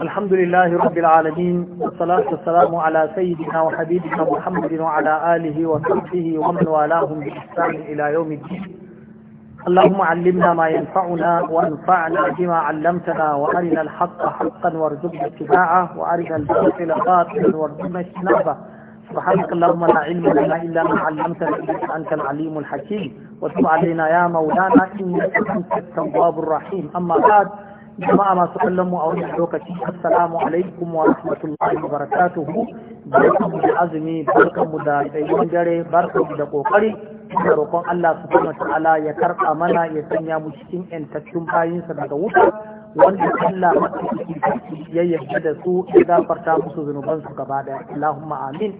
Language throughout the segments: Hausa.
الحمد لله رب العالمين والصلاة والسلام على سيدنا وحبيبنا محمد وعلى آله وصحبه ومن والاهم بإحسان إلى يوم الدين اللهم علمنا ما ينفعنا وانفعنا بما علمتنا وارنا الحق حقا وارزقنا اتباعه وارنا الباطل باطلا وارزقنا اجتنابه سبحانك اللهم لا علم لنا الا ما علمتنا انك انت العليم الحكيم وتب علينا يا مولانا انك انت التواب الرحيم اما بعد jama'a masu kallon mu a wannan lokaci assalamu alaikum wa rahmatullahi wa barakatuhu mu da azumi Barkan mu da tsayuwar dare mu da kokari da roƙon Allah subhanahu wa ta'ala ya karɓa mana ya sanya mu cikin yantattun bayinsa daga wuta wanda Allah ya yarda da su ya gafarta musu zunubansu gaba ɗaya Allahumma amin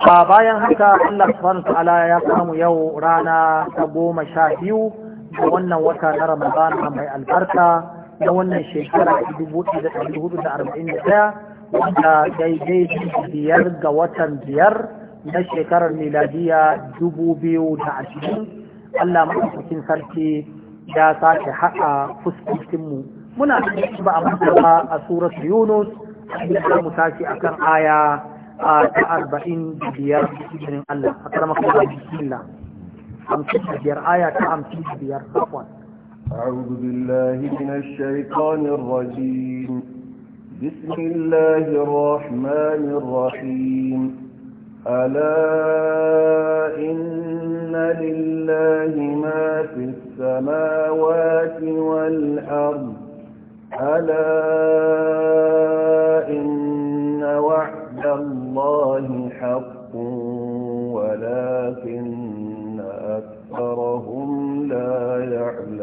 a bayan haka Allah subhanahu ta'ala ya samu yau rana ta goma sha biyu da wannan wata na Ramadan mai albarka na wannan shekara a dubu da ɗari hudu da arba'in da ɗaya wanda daidai biyar ga watan biyar na shekarar miladiya dubu biyu da ashirin Allah maɗaukakin sarki ya sake haɗa fuskokinmu muna ba a mutaba a surat yunus inda za mu tashi akan aya ta arba'in da biyar cikin Allah a karamar kuma bismillah hamsin da biyar aya ta hamsin da biyar kafin أعوذ بالله من الشيطان الرجيم بسم الله الرحمن الرحيم ألا إن لله ما في السماوات والأرض ألا إن وعد الله حق ولكن أكثرهم لا يعلمون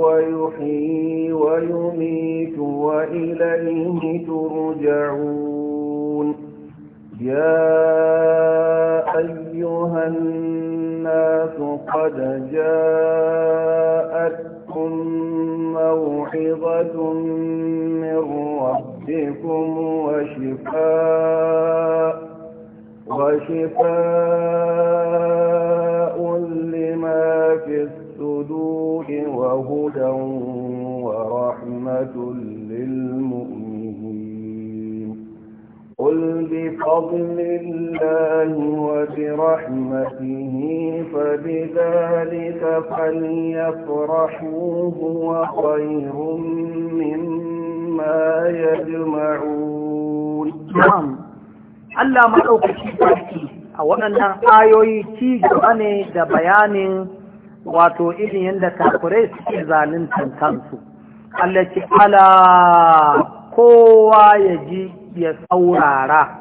ويحيي يحيي ويميت وإليه ترجعون يا أيها الناس قد جاءتكم موحظة من ربكم وشفاء وشفاء لما في الصدور وهدى ورحمة للمؤمنين قل بفضل الله وبرحمته فبذلك فليفرحوا هو خير مما يجمعون نعم ألا ما أوكي أو waɗannan ayoyi ci gaba ne da wato irin yadda kafirai suke zaluntan kansu Allah ce ala kowa ya ji ya saurara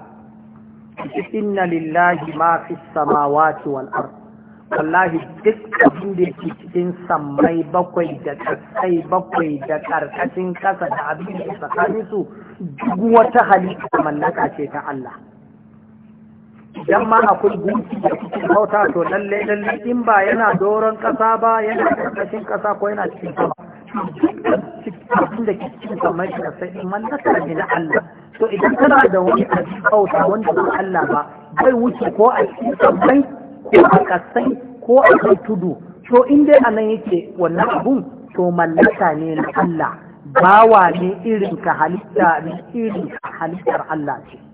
inna lillahi ma fi samawati wal ard wallahi duk da yake cikin samai bakwai da kasai bakwai da karkashin kasa da abin da su duk wata halitta mallaka ce ta Allah idan ma akwai gunki da cikin bauta to lalle lalle in ba yana doron kasa ba yana karkashin kasa ko yana cikin sama cikin da ke cikin sama shi da sai mallaka ne na Allah to idan kana da wani abin bauta wanda ba Allah ba bai wuce ko a cikin sammai ko a kasai ko a kai tudu to in dai anan yake wannan abun to mallaka ne na Allah bawa ne irin ka halitta ne irin ka halittar Allah ce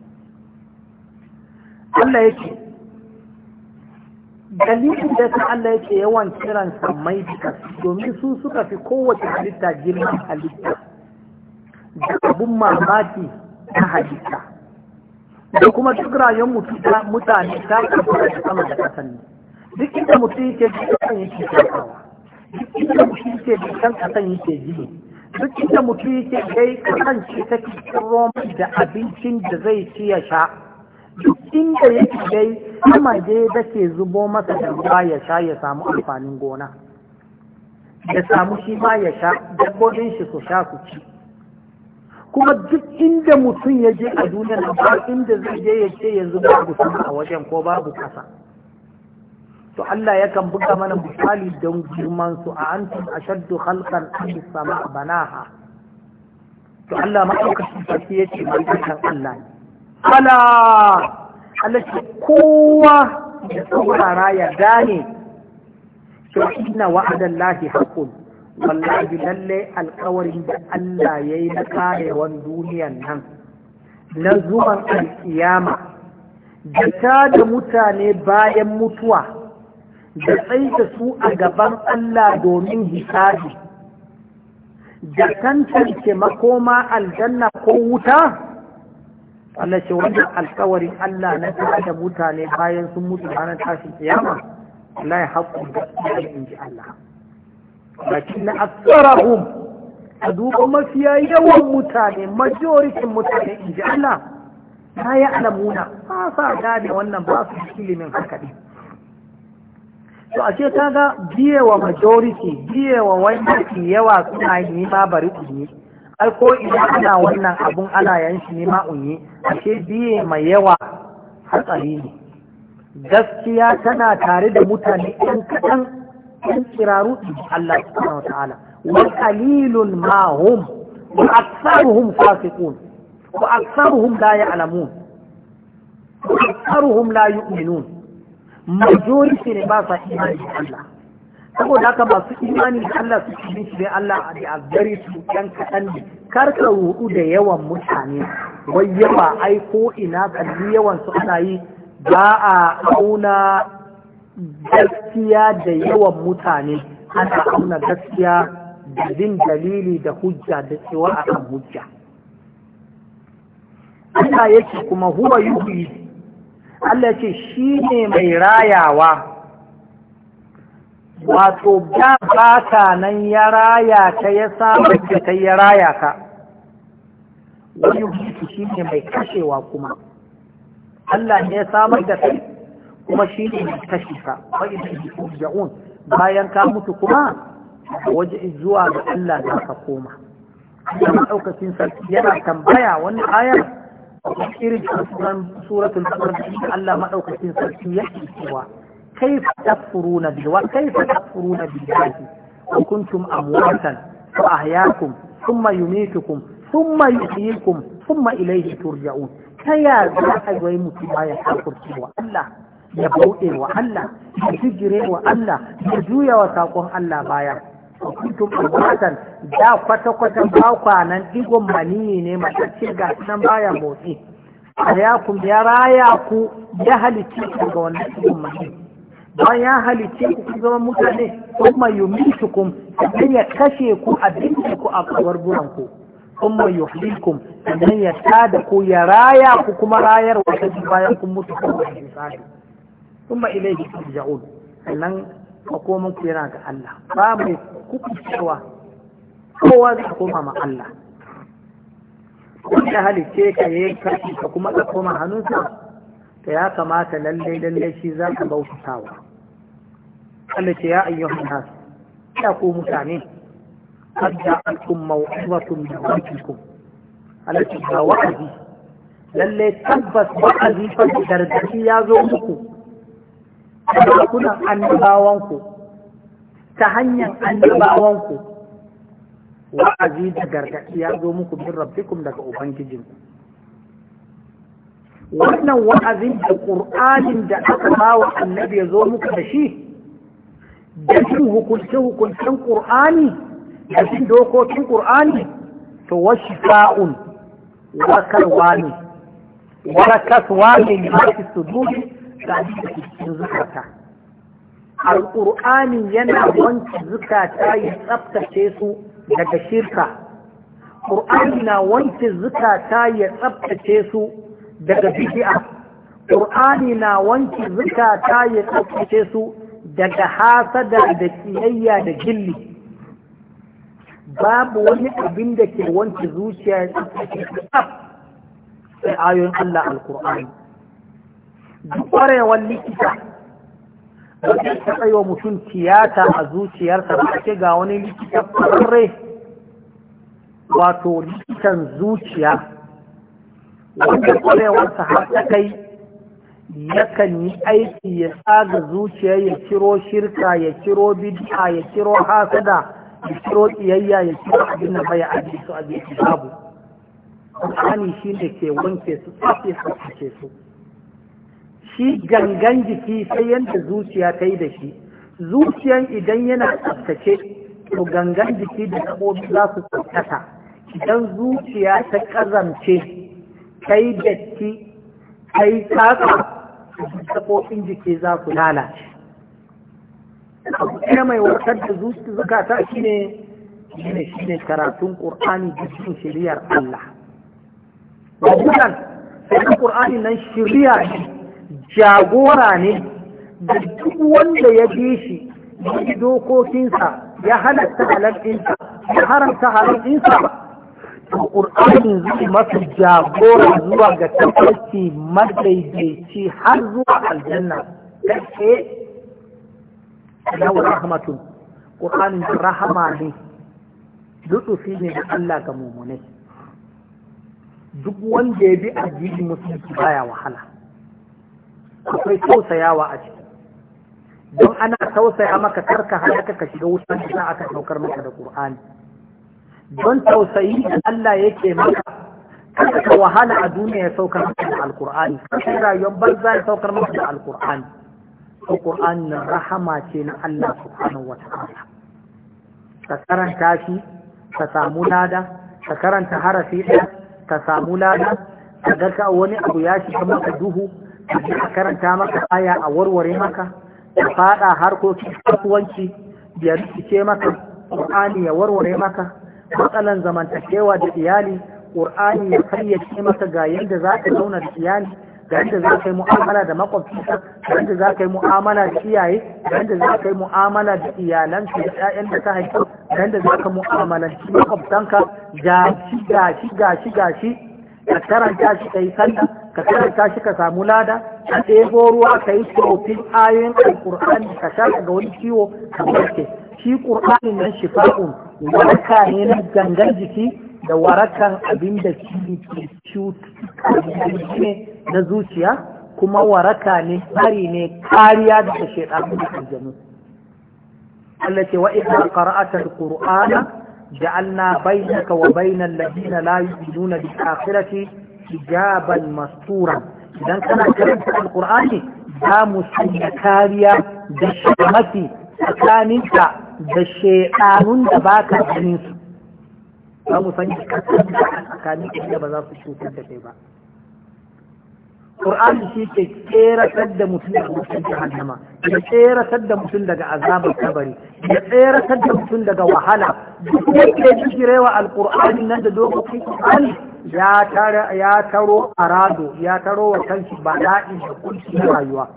Allah ya ce, dalilin da ta Allah ya ce yawan kiran samai duka domin su suka fi kowace halitta girman halitta da abin mamaki na halitta da kuma duk rayon mutane ta kafa da sama da kasan ne duk inda mutum yake da kasan yake karfawa duk inda mutum yake da kan kasan yake gini duk inda mutum yake kai kasance ta kisan tsirro da abincin da zai ci ya sha duk inda yake dai je da ke zubo masa da ruwa ya sha ya samu amfanin gona ya samu shi ma ya sha dabbobin shi su sha su ci kuma duk inda mutum ya je a duniya na ba inda zai je ya ce yanzu babu sama a wajen ko babu kasa to Allah ya kan buga mana misali don girman su a antum ashaddu khalqan am sama banaha to Allah ma ɗaukacin ya yace mai Allah ne bala Allah kowa da saurara ya gane to inna wa'adan lahi haqqun wallahi lalle alƙawarin da Allah yayi na karewan duniyan nan na zuwan alkiyama da ta da mutane bayan mutuwa da tsaita su a gaban Allah domin hisabi da tantance makoma aljanna ko wuta Allah ce wannan alkawarin Allah na da mutane bayan sun mutu ranar tashin kiyama Allah ya haƙƙo da in ji Allah lakin na aksarahum a duba mafiya yawan mutane majoritin mutane in ji Allah ta yi alamuna ba sa gane wannan ba su ilimin haka ne to ashe ta ga biye wa majority biye wa wanda ke yawa suna yi ma bari ne ai ko idan ana wannan abun ana yanshi ne ma unyi ashe biye mai yawa hatsari ne gaskiya tana tare da mutane ɗan kaɗan ɗan kiraru Allah subhanahu wataala wa qalilun ma hum wa aktsaruhum fasiqun wa aktsaruhum la ya'lamun wa aktsaruhum la yu'minun majority ne ba sa imani Allah saboda haka ba su imani da Allah su ci shi ne Allah a da azgari su yan kaɗan ne kar ka da yawan mutane wai yawa ai ko ina kalli yawan su ana yi ba a auna gaskiya da yawan mutane ana auna gaskiya da bin dalili da hujja da cewa akan hujja Allah yake kuma huwa yuhi Allah ce shi ne mai rayawa wato ba baka nan ya raya ka ya samu da ta ya raya ka wani hutu shi ne mai kashewa kuma Allah ne ya samar da kai kuma shi ne mai kashe ka wani da un? bayan ka mutu kuma waje zuwa ga Allah za ka koma Allah ɗaukacin sarki yana tambaya wani ayar irin suratul bakar da Allah maɗaukacin sarki yake cewa كيف تكفرون بالله كيف تكفرون a وكنتم أمواتا فأحياكم ثم يميتكم ثم يحييكم ثم إليه ترجعون كيا ذاك ويموت ما يحاكر سوى الله ya bauɗe wa Allah ya hijire wa Allah ya juya wa saƙon Allah baya kuntum albatan da kwata-kwata bakwa nan digon ne matacce ga nan baya motsi a ya raya ku ya halicci daga wannan digon maniyi bayan ya halice ku kuma zama mutane kuma yumitukum sannan ya kashe ku a dinka ku a guran ku kuma yuhlikum sannan ya tada ku ya raya ku kuma rayar wata bayan kun mutu kuma yi hisabi kuma ilaihi turja'un sannan ka koma ku yana ga Allah ba mai kuku cewa kowa zai koma ma Allah wanda halice ka yayi kashi ka kuma ka koma hannunsa ya kamata lalle lalle shi za ka bautawa? Allah ce ya ayyuhan nas ya ku mutane qad ja'akum maw'izatun min rabbikum Allah ce wa'azi lalle tabbas wa'azi fa gargaɗi ya zo muku daga kunan annabawanku ta hanyar annabawanku wa'azi da gargaɗi ya zo muku min rabbikum daga ku. wannan wa'azin da ƙur'anin da aka ba wa annabi ya zo muku da shi da jin hukuncin hukuncen da jin dokokin ƙur'ani to washi sa'un wakarwa ne warkarwa ne ne su suduri da ake da cikin zukata al'ur'ani yana wanke zukata ya tsaftace su daga shirka ƙur'ani na wanke zukata ya tsabtace su daga bishiya ƙur'ani na wanke zukata ya tsabtace su daga hasada da kiyayya da gilli babu wani abin da ke wanke zuciya da ayoyin Allah alkur'ani da ƙwarewar likita ba zai taɓa yi wa mutum tiyata a zuciyarsa ba ke ga wani likita ƙwararre wato likitan zuciya wanda ƙwarewarsa har ta kai yakan yi aiki ya tsaga zuciya ya ciro shirka ya ciro bid'a ya ciro hasada ya ciro kiyayya ya ciro abin da bai aji su a gefe babu Qur'ani shi ne ke wanke su tsafi tsaftace su shi gangan jiki sai yadda zuciya ta yi da shi zuciyan idan yana tsaftace to gangan jiki da gaɓoɓi za su tsaftata idan zuciya ta ƙazance, ta yi datti ta yi tsatsa sakofin jiki za ku lalace abu mai warkar da zukata shi ne shi ne karatun ƙur'ani jikin shiriyar Allah wajen sai na ƙur'ani nan shiriya ne jagora ne da duk wanda ya bi shi ya dokokinsa ya halatta halar ya haramta halar Al’ur’ani zai masu jagora zuwa ga tafarki madaidaici har zuwa aljanna gaske lahu rahmatun Qur'anin rahama ne lutsufi ne da Allah ga mummune. duk wanda ya bi addini musulunci baya wahala akwai tausayawa a ciki don ana tausaya maka karka halaka ka shiga wutan da aka saukar maka da ƙur'ani don tausayi da Allah yake maka kada ka wahala a duniya ya saukar maka da alkur'ani kada rayuwar banza ya saukar maka da alkur'ani alkur'ani na rahama ce na Allah subhanahu wata'ala ka karanta shi ka samu lada ka karanta harafi ɗaya ka samu lada ka ga ka wani abu ya shiga maka duhu ka karanta maka aya a warware maka ka faɗa harkokin kasuwanci ya rikice maka Qur'ani ya warware maka matsalan zamantakewa da iyali ƙur'ani ya fayyace maka ga yadda za ka zauna da iyali ga yadda za ka yi mu'amala da makwabcinka ga yadda za ka yi mu'amala da iyaye ga yadda za ka yi mu'amala da iyalanka da ƴaƴan da ka haifa ga yadda za ka mu'amalanci makwabtanka gashi gashi gashi gashi ka karanta shi ka yi sallah ka karanta shi ka samu lada ka ɗebo ruwa ka yi tsofin ayoyin alƙur'ani ka sha ga wani ciwo ka warke shi ƙur'ani nan shifa'un waraka ne na gangan jiki da warakan abin da ke cuta na zuciya kuma waraka ne hari ne kariya daga shaidanun da aljanu Allah ce wa idan da Allah bai bainaka wa bainal ladina la nuna bil akhirati hijaban masturan idan kana karanta alqur'ani za mu sanya kariya da shamaki tsakaninka da shekarun da ba ka ganin su za mu san kasar da a tsakanin inda ba za su cutar da kai ba Kur'an shi ke tseratar da mutum daga mutum jahannama ya tseratar da mutum daga azabar kabari ya tseratar da mutum daga wahala duk yake jikirewa alqur'ani nan da dokokin Qur'ani ya tare ya taro arado ya taro wa kanshi bala'i da kunci na rayuwa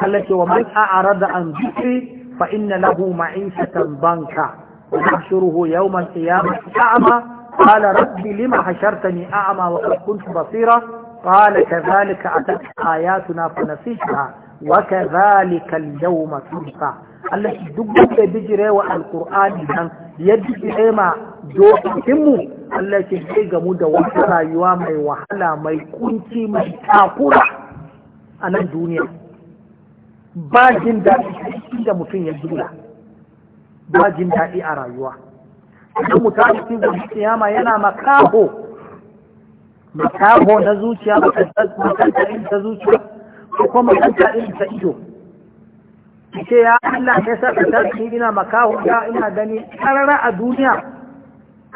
Allah ce wa man a'rada an zikri فإن له معيشة ضنكا ونحشره يوم القيامة أعمى قال رب لما حشرتني أعمى وقد كنت بصيرا قال كذلك أتت آياتنا فنسيتها وكذلك اليوم تنسى التي دقت بجري والقرآن دان يدجي ما dokokinmu Allah ce zai gamu da wata rayuwa mai wahala mai kunci mai takura a nan duniya ba jin daɗi da mutum ya jula ba jin daɗi a rayuwa idan mutum a cikin zuciya yana makaho makaho na zuciya makanta irin ta zuciya ko kuma makanta irin ta ido ke ya Allah ya sa ta ina makaho ya ina gani karara a duniya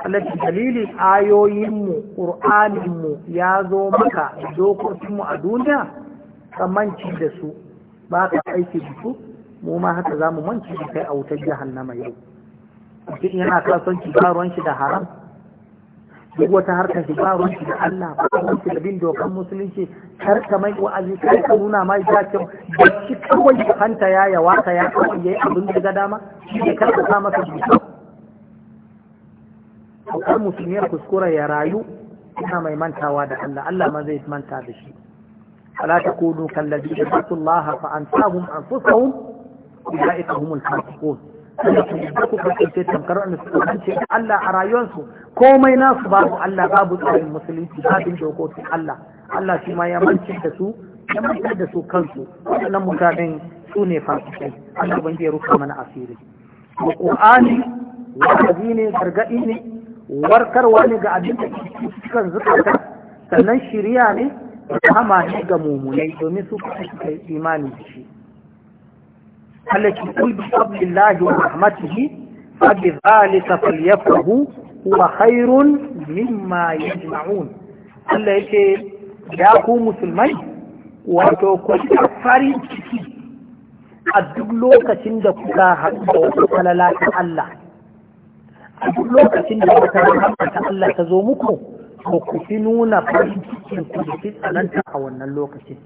alaƙi dalilin ayoyinmu ƙur'aninmu ya zo maka dokokinmu a duniya kamanci da su ba ka aiki da su mu ma haka za mu manci da kai a wutar jahannama yau mutum yana kasuwanci ba ruwan shi da haram duk wata harkar shi ba ruwan shi da Allah ba ruwan shi da bin dokan musulunci kar ka mai wa'azi kar ka nuna mai zakin da shi kawai da hanta ya ya waka ya kawai yi abin da dama shi ne kar ka sa masa dusa to kar musulmi ya kuskura ya rayu ina mai mantawa da Allah Allah ma zai manta da shi فلا تكونوا كالذين نسوا الله فأنساهم أنفسهم أولئك هم الفاسقون kasance tamkar wanda suka kance Allah a rayuwarsu komai nasu babu Allah babu tsarin musulunci babin dokokin Allah Allah shi ma ya mance da su ya mance da su kansu Wannan mutanen su ne fasikai Allah ban ya rufe mana asiri Qur'ani wa'azi ne gargaɗi ne warkarwa ne ga abin da cikin zukata sannan shirya ne kama ne ga mummunai domin su kuma suka yi imani da shi halaki kul bi fadlillahi wa rahmatihi fa bi zalika falyafrahu min khairun mimma yajma'un Allah yake ya ku musulmai wato ku farin ciki a duk lokacin da kuka haɗu da wata falala ta Allah a duk lokacin da wata rahama ta Allah ta zo muku ko ku fi nuna farin cikin ku da tsananta a wannan lokacin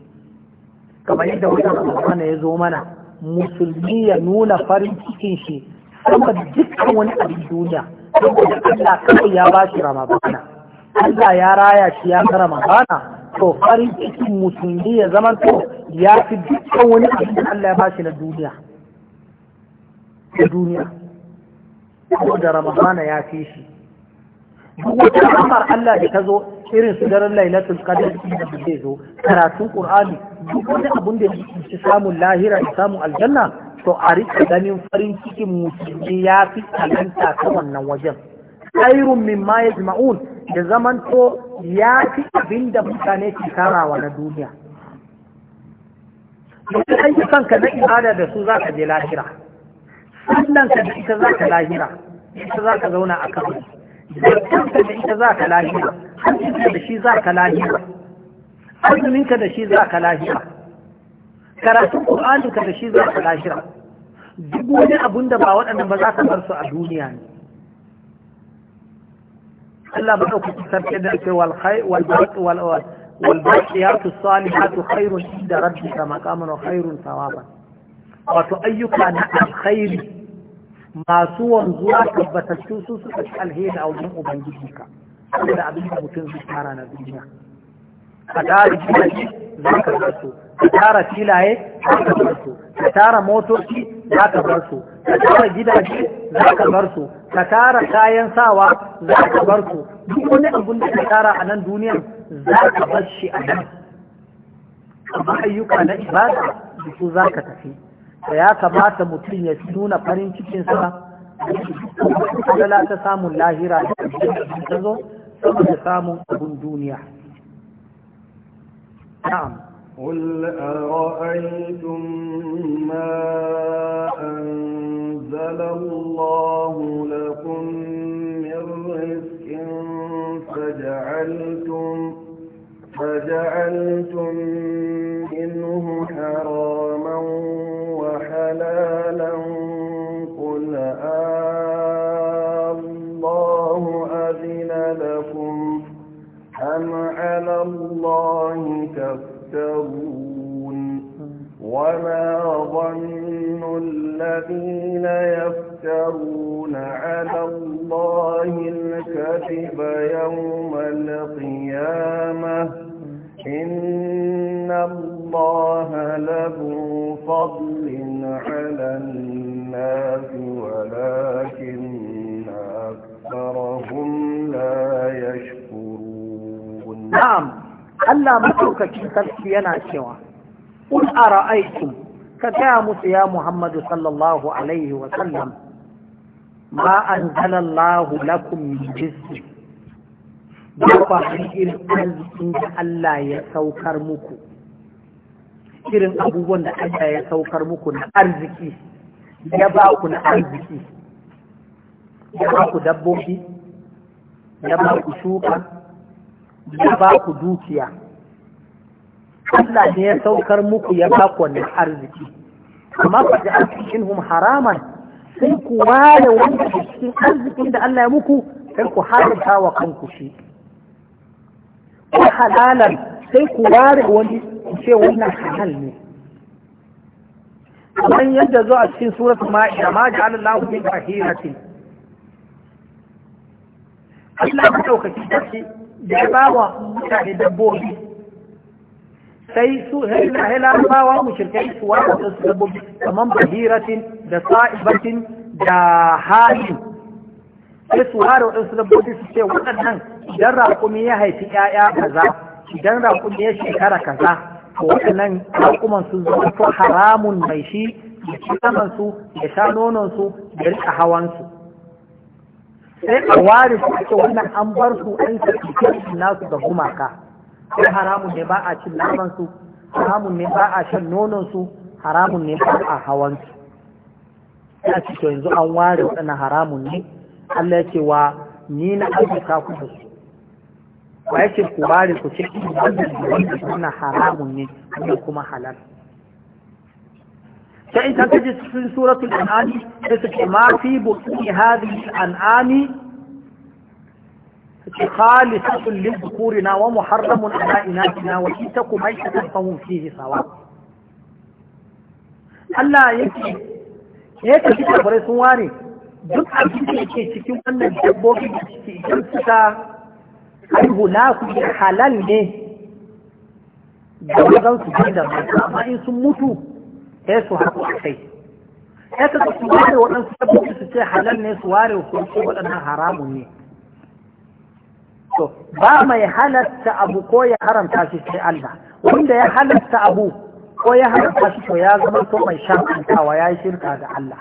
kamar yadda wata ramadana ya zo mana musulmi ya nuna farin cikin shi sama da dukkan wani abin duniya saboda Allah kawai ya ba shi ramadana Allah ya raya shi ya ga ramadana to farin cikin musulmi ya zama to ya fi dukkan wani abin da Allah ya ba shi na duniya da duniya saboda ya fi shi duk wata amar Allah da ta zo irin su daren lailatul qadr da zai zo karatun qur'ani duk wani abun da ya samu lahira da samu aljanna to a rika ganin farin cikin musulmi ya fi talanta ta wannan wajen khairun mimma yajma'un da zamanto ya fi abinda mutane ke karawa na duniya mutum ayyukanka na ibada da su za ka je lahira sannan ka da ita za ka lahira ita za ka zauna a kabari zartarka da ita za ka lahira, hannunka da shi za ka lahira. azuminka da shi za ka lahira. karatun ƙur'aninka da shi za ka lafiya duk wani abun da ba waɗannan ba za ka bar su a duniya ne Allah ba ku sarki da ce wal khay wal baqi wal wal baqiyatu salihatu khairun inda rabbika maqaman wa khairun thawaban wato ayyuka na alkhairi masu wanzuwa tabbatattu su suka ci alheri a wajen ubangiji ka saboda abin da mutum zai tara na duniya ka tara gidaje za ka bar su ka tara filaye za ka bar su ka tara motoci za ka bar su ka tara gidaje za ka bar su ka tara kayan sawa za ka bar su duk wani abin da ka tara a nan duniyan za ka bar shi a nan amma ayyuka na ibada da su za ka tafi da ya kamata mutum ya nuna farin cikinsa da ta samun lahira da zo saboda samun abun duniya na'am قل أرأيتم ما أنزل الله لكم من رزق فجعلتم فجعلتم منه حلالا قل آه الله أذن لكم أم على الله تفترون وما ظن الذين يفترون على الله الكذب يوم القيامة إن الله الله لذو فضل على الناس ولكن أكثرهم لا يشكرون نعم ألا متوكك تلسينا سوا قل أرأيتم كتامس يا محمد صلى الله عليه وسلم ما أنزل الله لكم من جزء ba ba irin arzikin da Allah irin abubuwan da Allah ya saukar muku na arziki ya ba ku na arziki ya ba ku dabbobi ya ba ku shuka ya ba ku dukiya Allah ne ya saukar muku ya ba ku wannan arziki amma ba da arzikin hum haraman sai ku ware wani cikin arzikin da Allah ya muku sai ku haramta wa kanku shi ku halalan sai ku ware wani ce wannan halal ne kamar yadda zo a cikin surat ma'ida ma ji ala lahu min ce. Allah ya ɗaukaki tashi da ya ba wa mutane dabbobi sai su hila ba wa mushrikai su wa da su dabbobi kamar bahiratin da sa'ibatin da halin sai su da waɗansu dabbobi su ce waɗannan idan raƙumi ya haifi 'ya'ya kaza idan raƙumi ya shekara kaza to waɗannan raƙuman sun zama to haramun mai shi ya ci samansu su ya sha nononsu ya rika hawansu sai a ware su ake wannan an bar su an saki nasu ga gumaka sai haramun ne ba a cin namansu, haramun ne ba a shan nononsu, haramun ne ba a hawansu. ya ce to yanzu an ware waɗannan haramun ne Allah ya ce wa ni na azuka ku da su wa yake ku bare ku ce wannan wannan haramun ne wannan kuma halal sai ta kaji cikin suratul an'am sai ta ce ma fi buqi hadhihi al'ami ce khalisatun lil dhukurina wa muharramun ala inatina wa itakum aishatan fahum fihi sawa Allah yake yake cikin bare sun ware duk abin da yake cikin wannan dabbobi da suke idan suka haihu nasu halal ne da wajen su ji da mata amma in sun mutu sai su haku a kai sai ka su ware waɗansu tabbaci su ce halal ne su ware su ce waɗannan haramun ne to ba mai halatta abu ko ya haramta shi sai Allah wanda ya halatta abu ko ya haramta shi to ya zama to mai shakantawa ya yi shirka ga Allah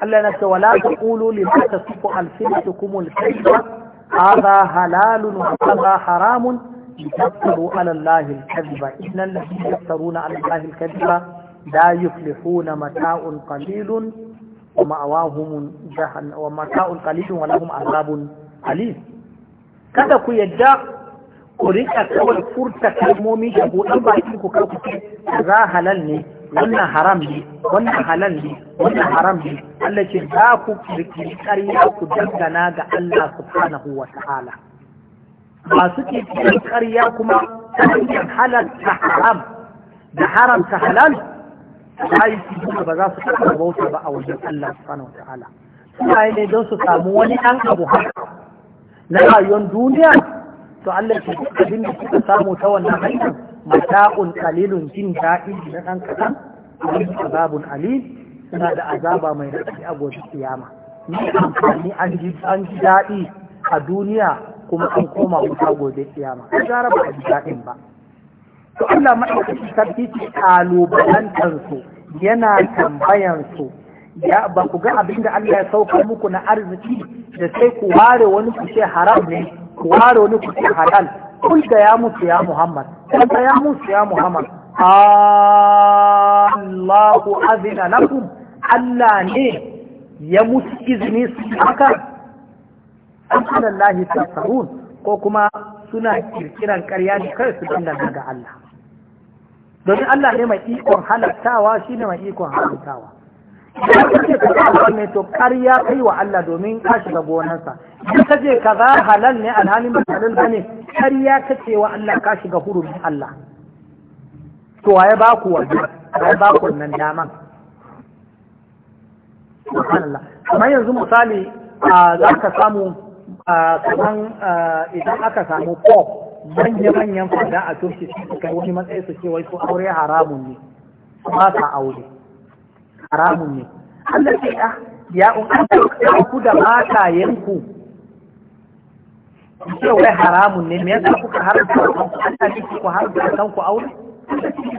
Allah na ce wala taqulu lima tasifu alsinatukum alkayfa هذا حلال وهذا حرام يفتروا على الله الكذب إن الذين يفترون على الله الكذب لا يفلحون متاع قليل ومأواهم جهنم ومتاع قليل ولهم عذاب أليم kada ku yadda ku rika kawai furta kalmomi da buɗan bakin ku kar ku ce za halal ne wannan haram ne wannan halal ne wannan haram ne Allah ce za ku kirkiri ku dangana ga Allah subhanahu wa ta'ala masu kirkirin ƙarya kuma ta hanyar halal ta haram da haram ta halal ta yi ba za su taɓa bauta ba a wajen Allah subhanahu wa ta'ala suna yi ne don su samu wani ɗan abu haka na rayuwar duniya to Allah ce duk abin da suka samu ta wannan hanyar mata'un qalilun jin daɗi na ɗan kaɗan azabun alim suna da azaba mai daɗi a gobe kiyama ni amfani an ji daɗi a duniya kuma an koma wuta gobe kiyama an gara ba a ji daɗin ba to Allah ta sarki ke su yana su ya ba ku ga abin da Allah ya sauka muku na arziki da sai ku ware wani ku haram ne ku ware wani ku halal kulta ya mutu ya Muhammad kulta ya musu ya Muhammad Allahu azina lakum Allah ne ya mutu izini su haka Alhamdulillahi tasarun ko kuma suna kirkiran karya ne kai su dangana daga Allah domin Allah ne mai ikon halattawa shi ne mai ikon halattawa mai to karya kai wa Allah domin ka shiga gonarsa in ka je ka za halal ne alhalin ba halal ba ne karya ka ce wa Allah ka shiga hurumin Allah to waye ba ku wannan waye ba ku nan daman subhanallah kamar yanzu misali za ka samu kaman idan aka samu ko manya-manyan fada a turki su kai wani matsayi su ce wai su aure haramun ne ba sa aure haramun ne Allah sai ah, ya, ya un an ku da matayenku ce wai haramun ne me yasa kuka haramta kanku ta ne ku haramta kanku aure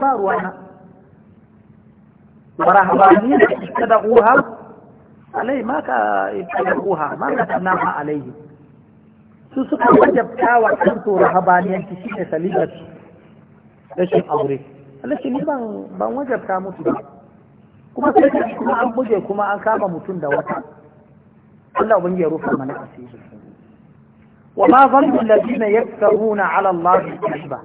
ba ruwa na da ابتدعوها alai ma ka da ibtaquha ma ka katanaha alaihi su suka wajabta wa kansu rahabaniyanci shine salibat rashin aure Allah ni ban wajabta musu ba kuma sai ka kuma an buge kuma an kama mutum da wata Allah ubangi ya rufa mana asiri wa ma zannu alladhina yaktaruna ala Allah kadhiba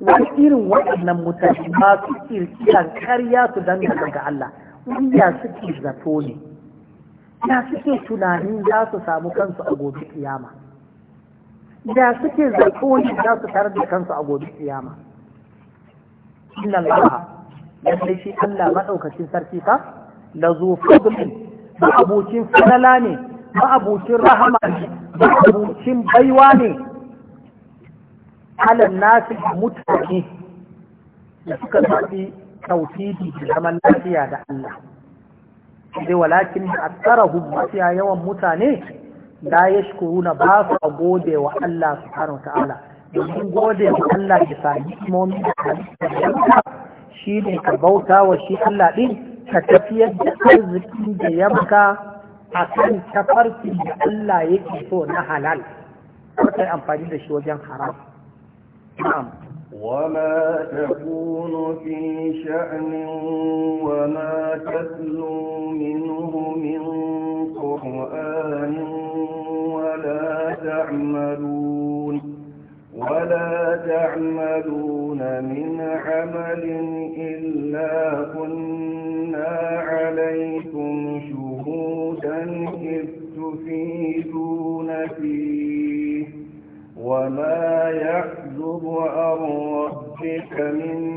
wa irin waɗannan mutane ba su kirkiran karya su dangane ga Allah wanda suke zato ne ya suke tunanin za su samu kansu a gobe kiyama da suke zato ne za su tarar da kansu a gobe kiyama inna Allah lallai shi Allah maɗaukacin sarki ka da zu fadlin ma'abucin falala ne abokin rahama ne abokin baiwa ne alal nasi mutane da suka zaɓi tauhidi da zaman lafiya da Allah sai walakin da aksarahum mafiya yawan mutane Da ya la yashkuruna ba su gode wa Allah subhanahu wa ta'ala domin gode wa Allah bisa hikimomi da halitta shi ne ka bauta wa shi Allah ɗin ka tafiyar da arziki da ya maka a kan tafarkin da Allah yake so na halal ka yi amfani da shi wajen haram na'am وما تكون في شأن وما تتلو منه من قرآن ولا تعملون ولا تعملون من عمل إلا كنا عليكم شهودا إذ تفيدون فيه وما يحزب عن ربك من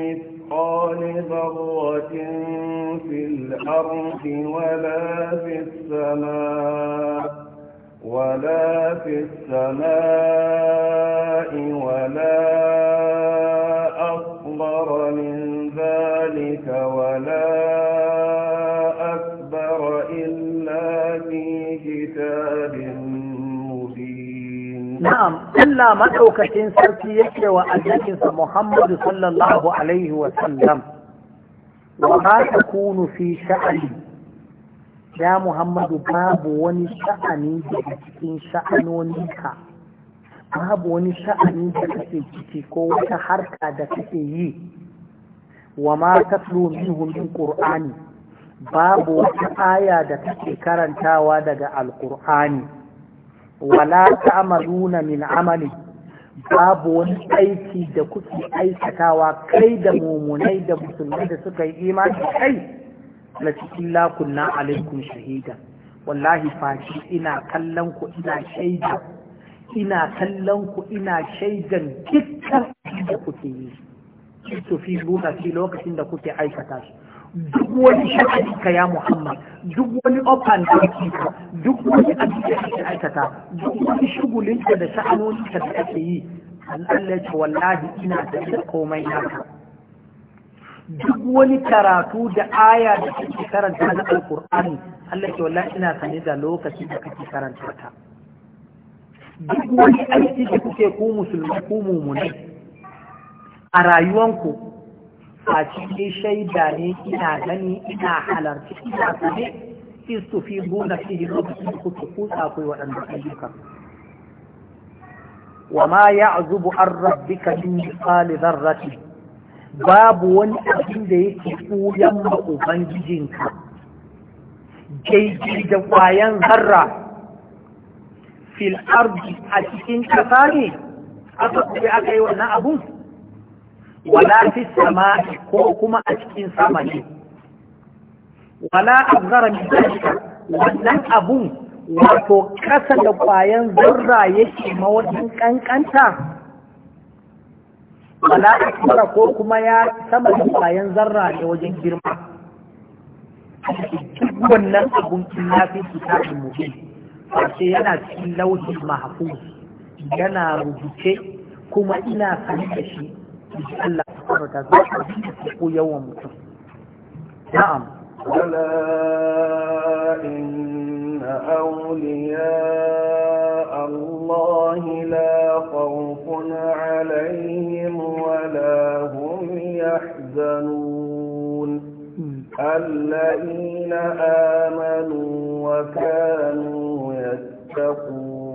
مثقال ذرة في الأرض ولا في السماء ولا في السماء na'am Allah madaukakin sarki yake wa annabinsa Muhammadu sallallahu alaihi wa sallam wa ma takunu fi sha'ani ya Muhammadu babu wani sha'ani daga cikin sha'anoninka babu wani sha'ani da kake ciki ko wata harka da kake yi wa ma tatlu minhu min qur'ani babu wata aya da kake karantawa daga alqur'ani wala ta'maluna min amali babu wani aiki da kuke aikatawa kai da mumunai da musulmai da suka yi imani kai na cikin na alaikum shahida wallahi fashi ina kallon ku ina shaida ina kallon ku ina shaidan dukkan da kuke yi su fi lokacin da kuke aikata shi duk wani sha'ani ka ya Muhammad duk wani da down ka duk wani abin da kake aikata duk wani shugulin ka da sha'anoni ka da ake yi an Allah ya wallahi ina da komai naka duk wani karatu da aya da kake karanta na alkur'ani Allah ya wallahi ina sane da lokacin da kake karanta ta duk wani aiki da kuke ku musulmi ku mumuni a rayuwanku a cikin shaida ne ina gani ina halarci ina sane istu fi gona fihi lokacin kuke kusa kai waɗanda ayyuka wa ma ya azubu an rabbika min misali dharrati babu wani abin da yake ɓuyan ma ubangijinka daidai da ƙwayan zarra fil ardi a cikin kasa ne aka aka yi wannan abun wala fi sama'i ko kuma a cikin sama ne wala abgara min dalika wannan abun wato kasa da kwayan zurra yake mawadin kankanta wala akbara ko kuma ya sama da kwayan zarra ne wajen girma wannan abun na fi kitabin mutum ce yana cikin lauhi mahfuz yana rubuce kuma ina sanar da shi الله سبحانه وتعالى يحققوا يوم القيامة نعم ألا إن أولياء الله لا خوف عليهم ولا هم يحزنون الذين آمنوا وكانوا يتقون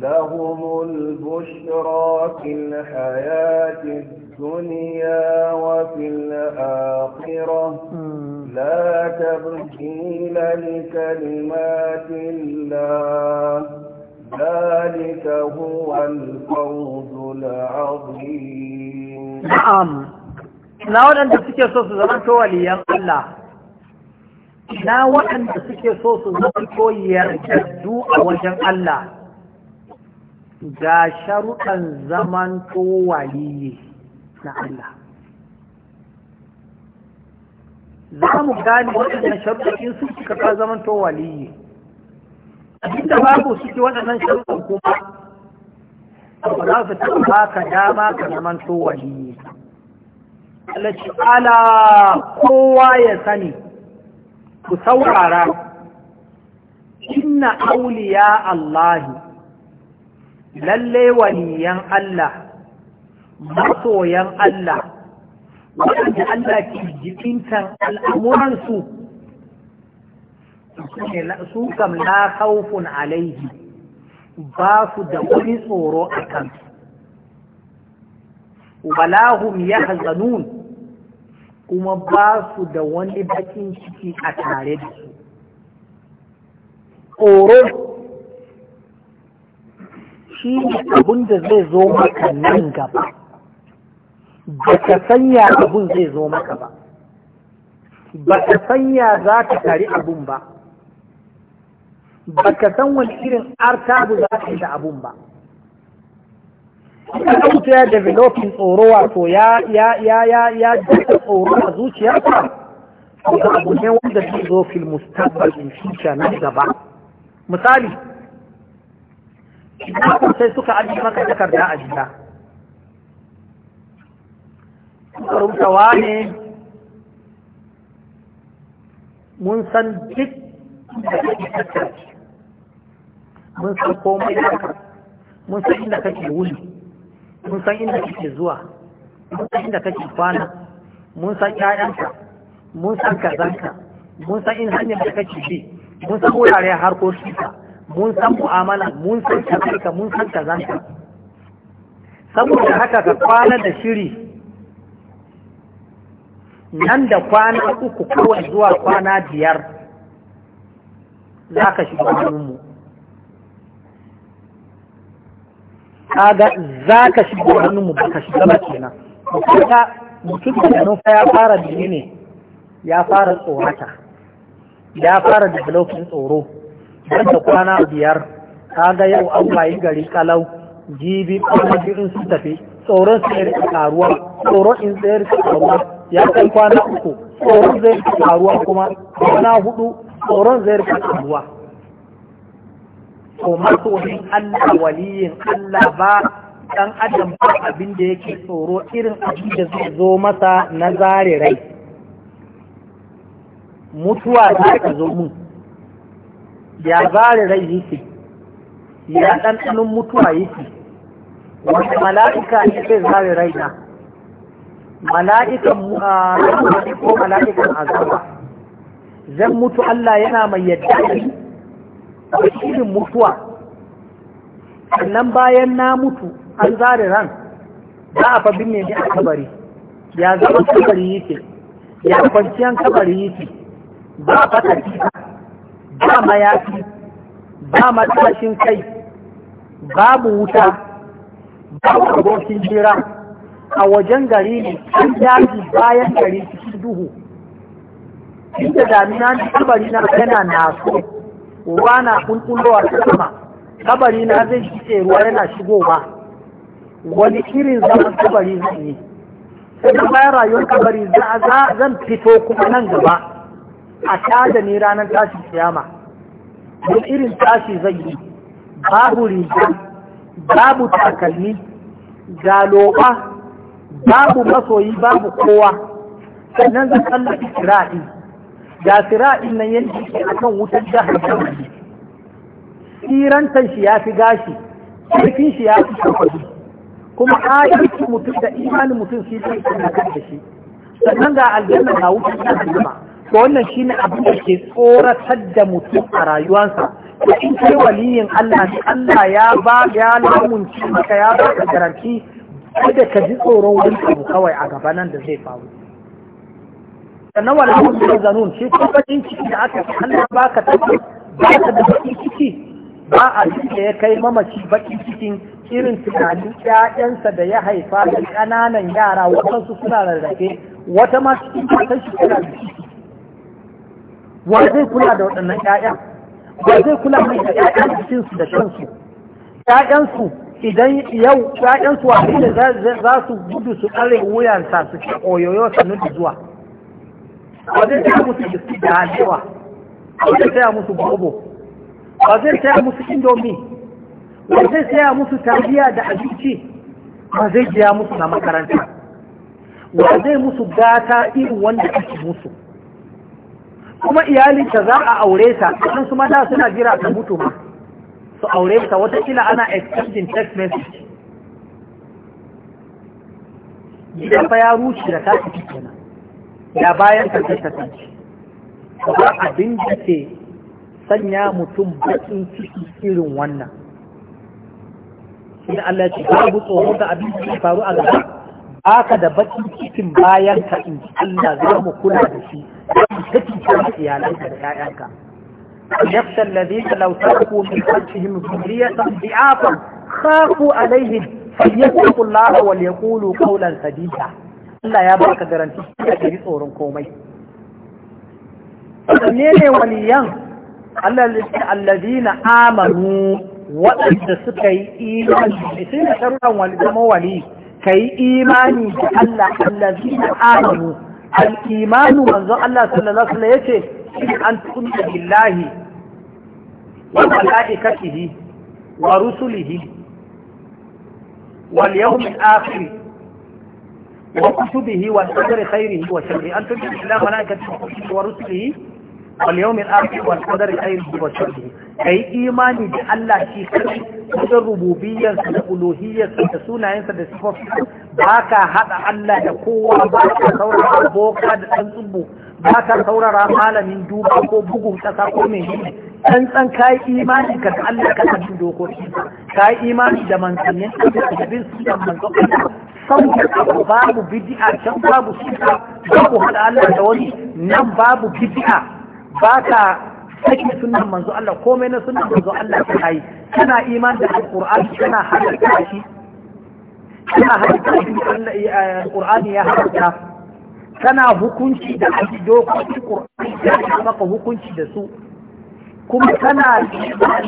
لهم البشرى في الحياة الدنيا وفي الآخرة لا تبكيل لكلمات الله ذلك هو الفوز العظيم نعم ina waɗanda suke so su zama waliyan Allah ina waɗanda suke so su zama yarjaddu a wajen Allah ga sharuɗan zaman waliyi na Allah za mu gane waɗannan sharuɗin sun suka ka zaman waliyi abinda babu suke waɗannan sharuɗan kuma ba za su taɓa ka dama ka zaman waliyi Allah ce ala kowa ya sani ku saurara inna auliya Allahi lalle waliyan Allah masoyan Allah waɗanda Allah ke jikintan al'amuransu su kam la khawfun alaihi ba su da wani tsoro a kansu walahum yahzanun kuma ba su da wani bakin ciki a tare da su tsoro shi ne abin da zai zo maka nan gaba ba ka sanya abin zai zo maka ba ba ka sanya za ka tari abin ba ba ka san wani irin artabu za ka yi da abin ba ka ɗauke ya developin tsoro wato ya ya ya ya ya tsoro a zuciyarka to abu ne wanda zai zo fil mustaqbal in shi nan gaba misali sai suka aji maka takarda a jiya suka rubuta wane mun san duk da kake tattara mun san komai da mun san inda kake wuni mun san inda kake zuwa mun san inda kake kwana mun san ƴaƴanka mun san kazanka mun san in hanyar da kake bi mun san wurare harkokinka mun san mu'amala mun san tafika, mun san kazanta saboda haka ka kwana da shiri nan da kwana uku kowa zuwa kwana biyar za ka shiga hannunmu kaga za ka shiga hannunmu ba ka shiga ba kenan kaga mutum da nufa ya fara biyu ne ya fara tsorata ya fara developing tsoro da kwana biyar kaga yau an wayi gari kalau jibi kwanaki in su tafi tsoron tsayar karuwa tsoron in tsayar karuwa ya kai kwana uku tsoron zai karuwa kuma kwana hudu tsoron zai karuwa to masu wani Allah waliyin Allah ba dan adam ba abin da yake tsoro irin abin da zai zo masa na zare rai mutuwa za ka zo mun ya zare rai yake ya ɗanɗanin mutuwa yake Wani mala'ika ne zai zare rai na mala'ikan mutuwa ko mala'ikan azaba zan mutu Allah yana mai yadda da shirin mutuwa sannan bayan na mutu an zare ran za a mai ne a kabari ya zama kabari yake ya kwanciyan kabari yake ba a fata ba mayafi ba matashin kai babu wuta babu abokin jira a wajen gari ne an daji bayan gari cikin duhu inda damina ne kabari na yana naso ruwa na kulkulowa ta sama kabari na zai shice ruwa yana shigowa wani irin zaman kabari zai yi sannan bayan rayuwar kabari zan fito kuma nan gaba a tada ne ranar tashi kiyama don irin tashi zai yi babu riga babu takalmi galoba babu masoyi babu kowa sannan zan tsallaki sira'i ga sira'in nan yadda ke a kan wutar jihar tsirantar shi ya fi gashi ƙarfin shi ya fi shafafi kuma adalci mutum da imanin mutum shi zai tsallakar da shi sannan ga aljanna na wutar jihar to wannan shi ne abin da ke tsoratar da mutum a rayuwarsa ko in kai waliyin Allah ne Allah ya ba ya lamunci maka ya ba ka garanti kada ka ji tsoron wani abu kawai a gaba nan da zai faru sannan wala mun da zanun shi ko bakin ciki da aka Allah ba ka tabbata ba ka da bakin ciki ba a da ya kai mamaci bakin cikin irin tunanin ƴaƴansa da ya haifa da ƙananan yara waɗansu suna rarrafe wata ma cikin matan shi suna da ciki wa zai kula da waɗannan 'ya'yan? wa zai kula mai da ƴaƴan cikinsu da shansu Ya'yansu idan yau ƴaƴansu wa da za su gudu su ƙare wuyansa su ce oyoyo sannu da zuwa wa zai taya musu biskit da halewa wa zai taya musu bobo wa zai taya musu indomi wa zai taya musu taliya da abinci wa zai biya musu na makaranta wa zai musu gata irin wanda ake musu kuma iyalinta za a aure ta sun su mata suna jira ta mutu ma su aure ta watakila ana exchange text message gidan fa ya rushe da tafi kenan ya bayan ta ta tashi ba abin da ke sanya mutum bakin ciki irin wannan shi Allah ce babu tsoro da abin da ya faru a gaba aka da bakin cikin bayan ka in Allah zai mu kula da shi kake kama iyalanka da ƴaƴanka يخشى الذين لو تركوا من خلفهم ذرية ضعافا خافوا عليهم فليتقوا الله وليقولوا قولا سديدا Allah ya baka garanti da gari tsoron komai ne ne waliyan allazina amanu waɗanda suka yi imani sai da sharuɗan wali zama wali ka yi imani da Allah allazina amanu الإيمان منظر الله صلى الله عليه وسلم يتي أن تؤمن بالله وملائكته ورسله واليوم الآخر وكتبه والقدر خيره وشره أن تؤمن بالله وملائكته ورسله واليوم الآخر والقدر خيره وشره ka yi imani da Allah shi kai wajen rububiyarsa da uluhiyarsa da sunayensa da sifofi ba ka haɗa Allah da kowa ba ka saurara boka da ɗan tsubu ba ka saurara malamin duba ko bugun ƙasa ko mai tsan ka yi imani ka Allah ka san dokoki ka yi imani da manzannin da bin sunan manzo saboda babu bid'a can babu sunna babu haɗa Allah da wani nan babu bid'a ba ka kake sunan manzo Allah komai na sunan manzo Allah ka yi kana iman da alqur'ani kana hadda shi kana hadda shi eh, eh, alqur'ani ya hadda kana hukunci da dokokin qur'ani ya maka hukunci da su kuma kana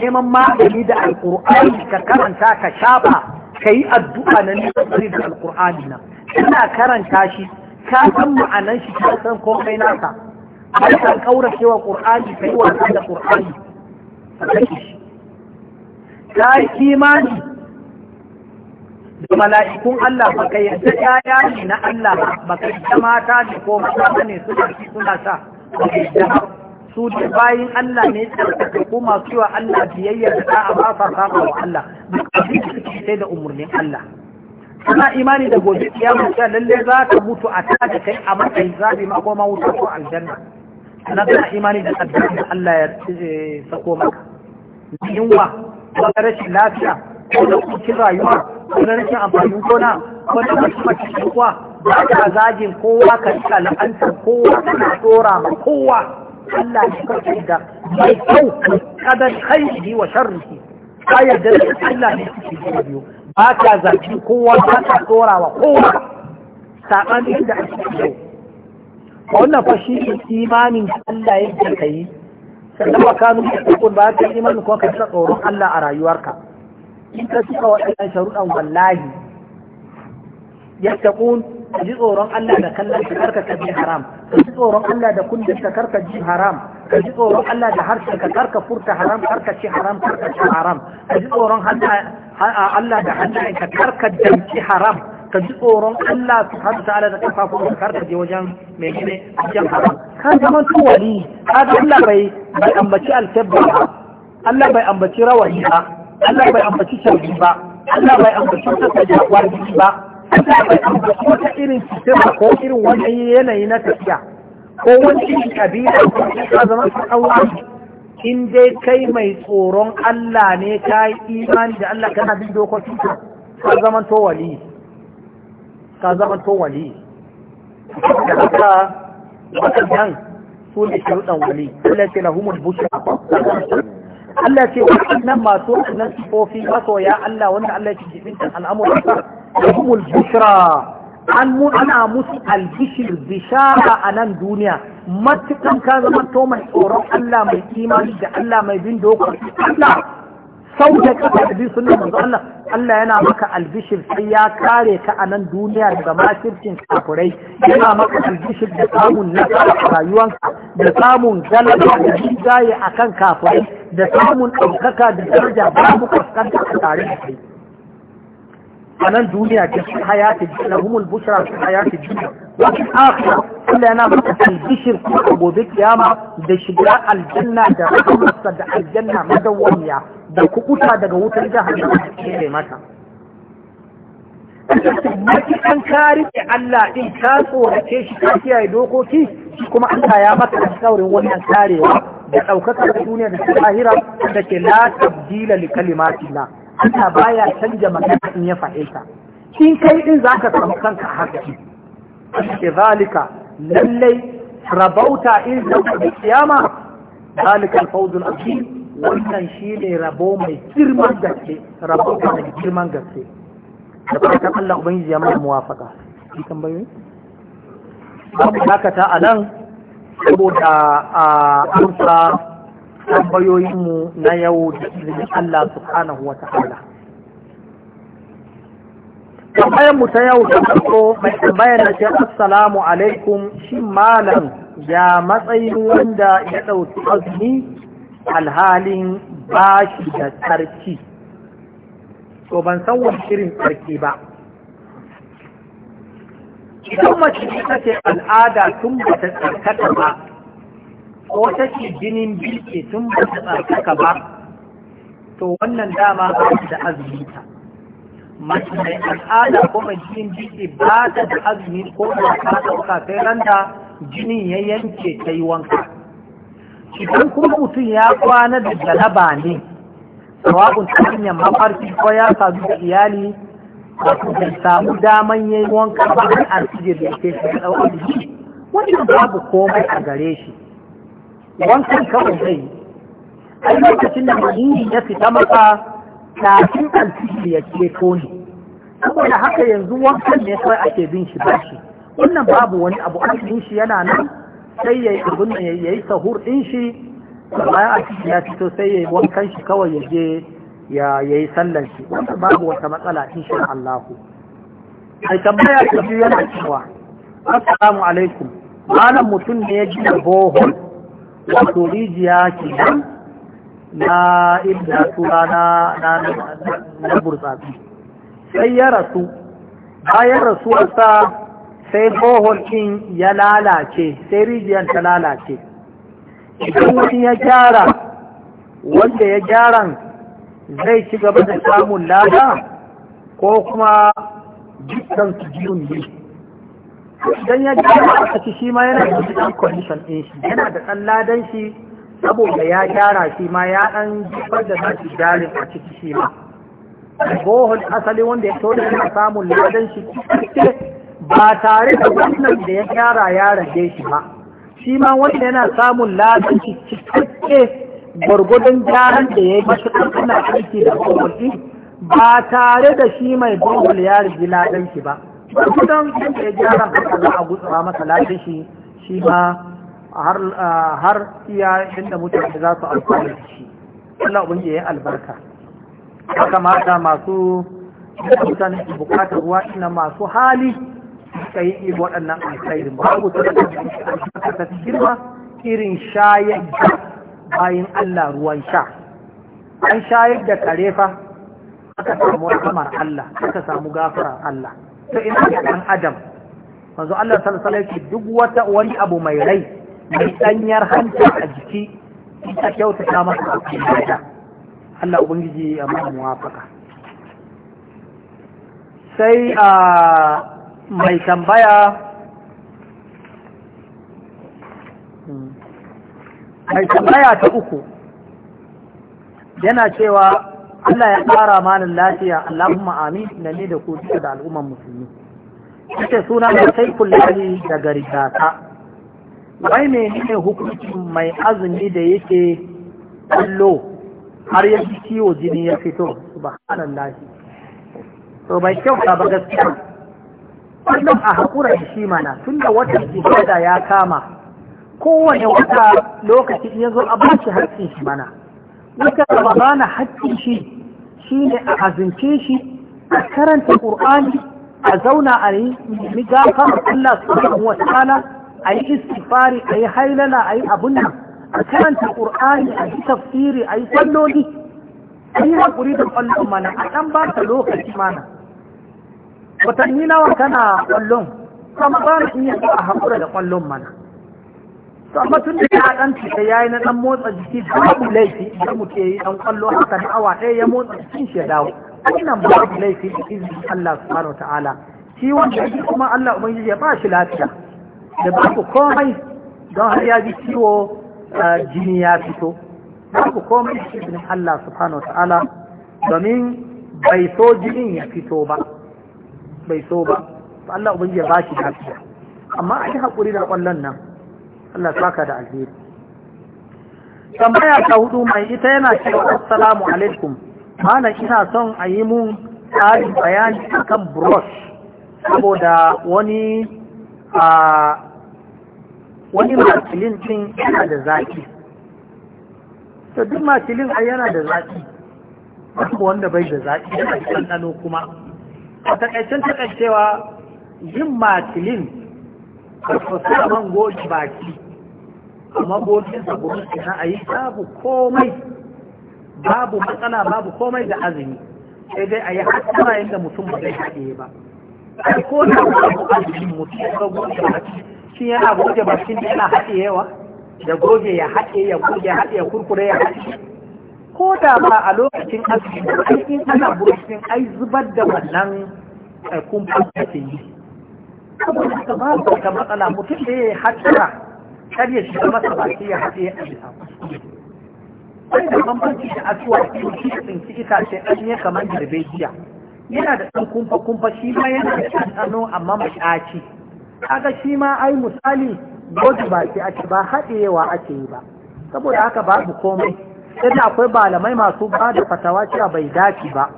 neman magani da alqur'ani ka karanta ka shafa kai addu'a na ne da alqur'ani na kana karanta shi ka san ma'anan shi ka san komai nasa harkar kauracewa ƙur'ani ka yi wasa da ƙur'ani a kashe shi ta yi kimani da mala'ikun Allah ba ka yadda ƴaƴa ne na Allah ba ka yadda mata ne ko mata ne suna ci suna sha su da bayin Allah ne tsarkaka ko masu yi Allah biyayya da ta'a ba sa saba wa Allah ba ka bi sai da umurnin Allah suna imani da gobe kiyama cewa lalle za ta mutu a ta da kai a matsayin zabi ma ko ma wuta ko aljanna sannan kana imani da addu'an da Allah ya eh, sako maka yunwa ko rashin lafiya ko da kucin rayuwa ko da rashin amfanin gona ko da rashin mace kuwa ba ka zagin kowa ka rika la'antar kowa ka tsora ma kowa Allah ya karfi da mai kyau kadar khairihi wa sharrihi ka yarda da Allah ne kike biyo ba ka zagin kowa ba ka tsora wa kowa saɓanin da ake yau wannan fa shi ne imanin Allah yake kai sannan ba kanu da tukun ba ka imanin kuma ka tsoron Allah a rayuwarka in ka cika waɗannan sharuɗan wallahi yattaqun ka ji tsoron Allah da kallon ka karka ka ji haram ka ji tsoron Allah da kullum ka karka ji haram ka ji tsoron Allah da harshen ka karka furta haram karka ci haram karka ci haram ka ji tsoron Allah da hannayen ka karka danci haram ka ji tsoron Allah subhanahu ta'ala da kafafun ka karka je wajen mai gine wajen haram ka zama tuwani ka ga Allah bai bai ambaci alkebba ba Allah bai ambaci rawani ba Allah bai ambaci shauki ba Allah bai ambaci wata jawar ba Allah bai ambaci wata irin sistema ko irin wani yanayi na tafiya ko wani irin kabila ko ka zama tsawon in dai kai mai tsoron Allah ne ka yi imani da Allah kana bin dokokinsa ka zaman to wali ka zama to wali da haka yan su ne sharuɗan wali Allah ce lahumul bushra Allah ce waɗannan masu wannan sifofi masoya Allah wanda Allah ya ce jibintan al'amuran Da lahumul bushra an mu ana musu albishir bishara a nan duniya matukan ka zama to mai tsoron Allah mai imani da Allah mai bin dokar Allah sau da kafa da bi sunan manzo Allah Allah yana maka albishir sai ya kare ka a nan duniya daga makircin kafurai yana maka albishir da samun nasara a rayuwanka da samun galaba da jigaye a kan kafurai da samun ɗaukaka da daraja babu kaskanta a tare da kai a nan duniya ta fi hayati lahumul bushra fi hayati duniya wa fi akhira Allah yana maka albishir ko gobe kiyama da shiga aljanna da rahmatsa da aljanna madawwamiya da kukuta daga wutar a cikin da mata matukan kari da Allah din ka tsorace shi ka kiyaye dokoki kuma Allah ya maka alƙawarin wannan karewa da ɗaukakar duniya da lahira da ke la tabdila li kalimatillah Allah baya canja magana in ya faɗe ta in kai din zaka samu kanka haka ke zalika lallai rabauta in zaka da kiyama zalika alfawzul azim wannan shi ne rabo mai girman gaske rabo mai girman gaske da fatan Allah ubangiji ya mai muwafaka shi tambayoyi za mu dakata a nan saboda a amsa tambayoyinmu na yau da izinin Allah subhanahu wa ta'ala tambayar mu ta yau da farko mai tambayar da ke assalamu alaikum shi malam ya matsayin wanda ya ɗauki azumi alhalin ba shi da tsarki to ban san wani shirin tsarki ba idan mace ita ce al'ada tun ba ta tsarkaka ba ko ta ce jinin bilke tun ba ta tsarkaka ba to wannan dama ba shi da azumi ta mace mai al'ada ko mai jinin bilke ba ta da azumi ko da ta ɗauka sai da jinin ya yanke ta yi wanka idan kuma mutum ya kwana da galaba ne sawa'un cikin hanyar mafarki ko ya sadu da iyali wato bai samu daman ya yi wanka ba a arziki da ke shi ɗaukar jiki wannan babu komai a gare shi wankan kawai zai yi a lokacin da mahimmi ya fita masa kafin alfijir ya ceto ne saboda haka yanzu wankan ne kawai ake bin shi ba shi wannan babu wani abu a cikin shi yana nan sai ya yi abin ya yi sahur ɗin shi bayan a cikin ya fito sai ya yi wankan shi kawai ya je ya yi sallan shi wanda babu wata matsala in sha Allahu Mai tambaya ta biyu yana cewa assalamu alaikum malam mutum ne ya gina bohol wato rijiya kenan na tura na na na burtsatsi sai ya rasu bayan rasuwarsa sai bohol ɗin ya lalace sai rijiyar ta lalace idan wani ya gyara wanda ya gyaran zai ci gaba da samun lada ko kuma dukkan su biyun ne idan ya gyara aka ci shi ma yana da ɗan condition ɗin shi yana da ɗan ladan shi saboda ya gyara shi ma ya ɗan jifar da za su jarin a ciki shi ma bohol asali wanda ya tole yana samun ladan shi ba tare da wannan da ya gyara ya rage shi ba shi ma wanda yana samun ladanci cikakke gwargwadon gyaran da ya yi masu aiki da kowace ba tare da shi mai bawul ya rage ladan shi ba gwargwadon da ya gyara haka za a gutsura masa ladan shi shi ma har iya inda mutane za su amfani da shi Allah ubangiji ya albarka ya kamata masu mutane bukatar ruwa ina masu hali suka yi irin waɗannan alkhairin babu sadaka da girma irin shayar da bayan Allah ruwan sha an shayar da kare fa aka samu rahmar Allah aka samu gafarar Allah to ina ga ɗan adam manzo Allah sallallahu alaihi duk wata wani abu mai rai mai ɗanyar hanta a jiki ita kyautata masa a Allah ubangiji ya mana muwafaka sai a ah, mai tambaya mai tambaya ta uku yana cewa Allah ya ƙara malin lafiya Allahumma amin da ne da ku da al'umman musulmi yace suna mai sai kullali daga rigata wai menene hukuncin mai azumi da yake kallo har ya ciwo jini ya fito subhanallahi to bai kyauta ba gaskiya wannan a haƙura da shi mana tun da watan ibada ya kama kowane wata lokaci ya zo a ba shi haƙƙin shi mana wata ramadana haƙƙin shi shi ne a hazince shi a karanta ƙur'ani a zauna a yi migafar Allah subhanahu wa ta'ala a yi istifari, a yi hailala a yi abun a karanta ƙur'ani a yi tafsiri a yi salloli a yi haƙuri da ƙwallon mana a ɗan ba ta lokaci mana watanni nawa kana kwallon sama ba na iya a haƙura da kwallon mana to amma tun da ya dan fita yayi na dan motsa jiki babu laifi idan ke yi dan kwallo haka na awa ɗaya ya motsa jikin shi ya dawo wannan babu laifi da izinin Allah subhanahu ta'ala shi wanda yake kuma Allah ubangiji ya ba shi lafiya da babu komai don har ya ji ciwo jini ya fito babu komai shi izinin Allah subhanahu ta'ala domin bai so jinin ya fito ba bai so ba Allah ubangiji ya ba shi lafiya amma a yi haƙuri da kwallon nan Allah haka da alheri tambaya ta hudu mai ita yana cewa assalamu alaikum malam ina son a yi mun tsarin bayani akan brush saboda wani a wani makilin din yana da zaki to duk makilin a yana da zaki wanda bai da zaki yana da ɗanɗano kuma a takaicin takaicewa yin makilin a saman goji baki amma gojinsa gwamnati na a yi babu komai babu matsala babu komai da azumi sai dai a yi hatsara yadda mutum ba zai haɗe ba ai ko da babu azumin mutum ya ga goji baki shi yana goge bakin yana haɗewa ya goge ya haɗe ya goge ya haɗe ya kurkure ya haɗe ko da ba a lokacin asibiti ai in ana burushin ai zubar da wannan eh, kumfan ake yi saboda ka ba da wata matsala mutum da ya hatsara kar ya shiga masa baki ya haɗe a bisa wani da bambanci da asuwa shi tsinci itace an yi kamar jiya. yana da ɗan kumfa kumfa shi ma yana da ɗanɗano amma mashaci kaga shi ma ai misali goji baki ake ba haɗewa ake yi ba saboda haka babu komai sai akwai balamai masu ba da fatawa cewa bai dace ba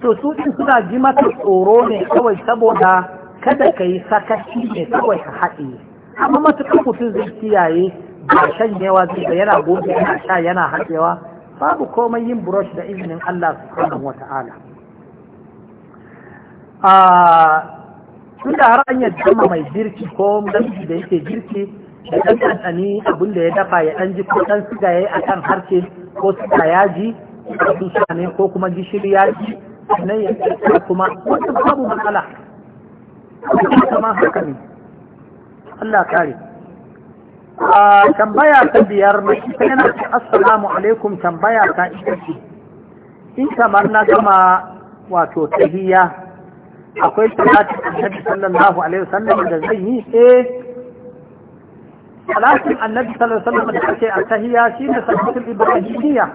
to su din suna ji mata tsoro ne kawai saboda kada ka yi sakaci ne kawai ka haɗe amma matuƙar mutum zai kiyaye ba shanyewa zai da yana gobe yana sha yana haɗewa babu komai yin brush da izinin Allah su subhanahu wa ta'ala tun da har an yadda mai girki ko namiji da yake girki da ɗan ɗanɗani abin da ya dafa ya ɗan ji ko ɗan siga ya yi a kan harshe ko suka yaji su ne ko kuma gishiri yaji nan ya kuma wata babu matsala kuma haka ne Allah kare a tambaya ta biyar mai ita yana ce assalamu alaikum tambaya ta ita ce in kamar na gama wato tahiyya akwai salatu annabi sallallahu alaihi wasallam da zai yi eh salatin annabi sallallahu alaihi wasallam da ake a tahiyya shine salatul ibrahimiyya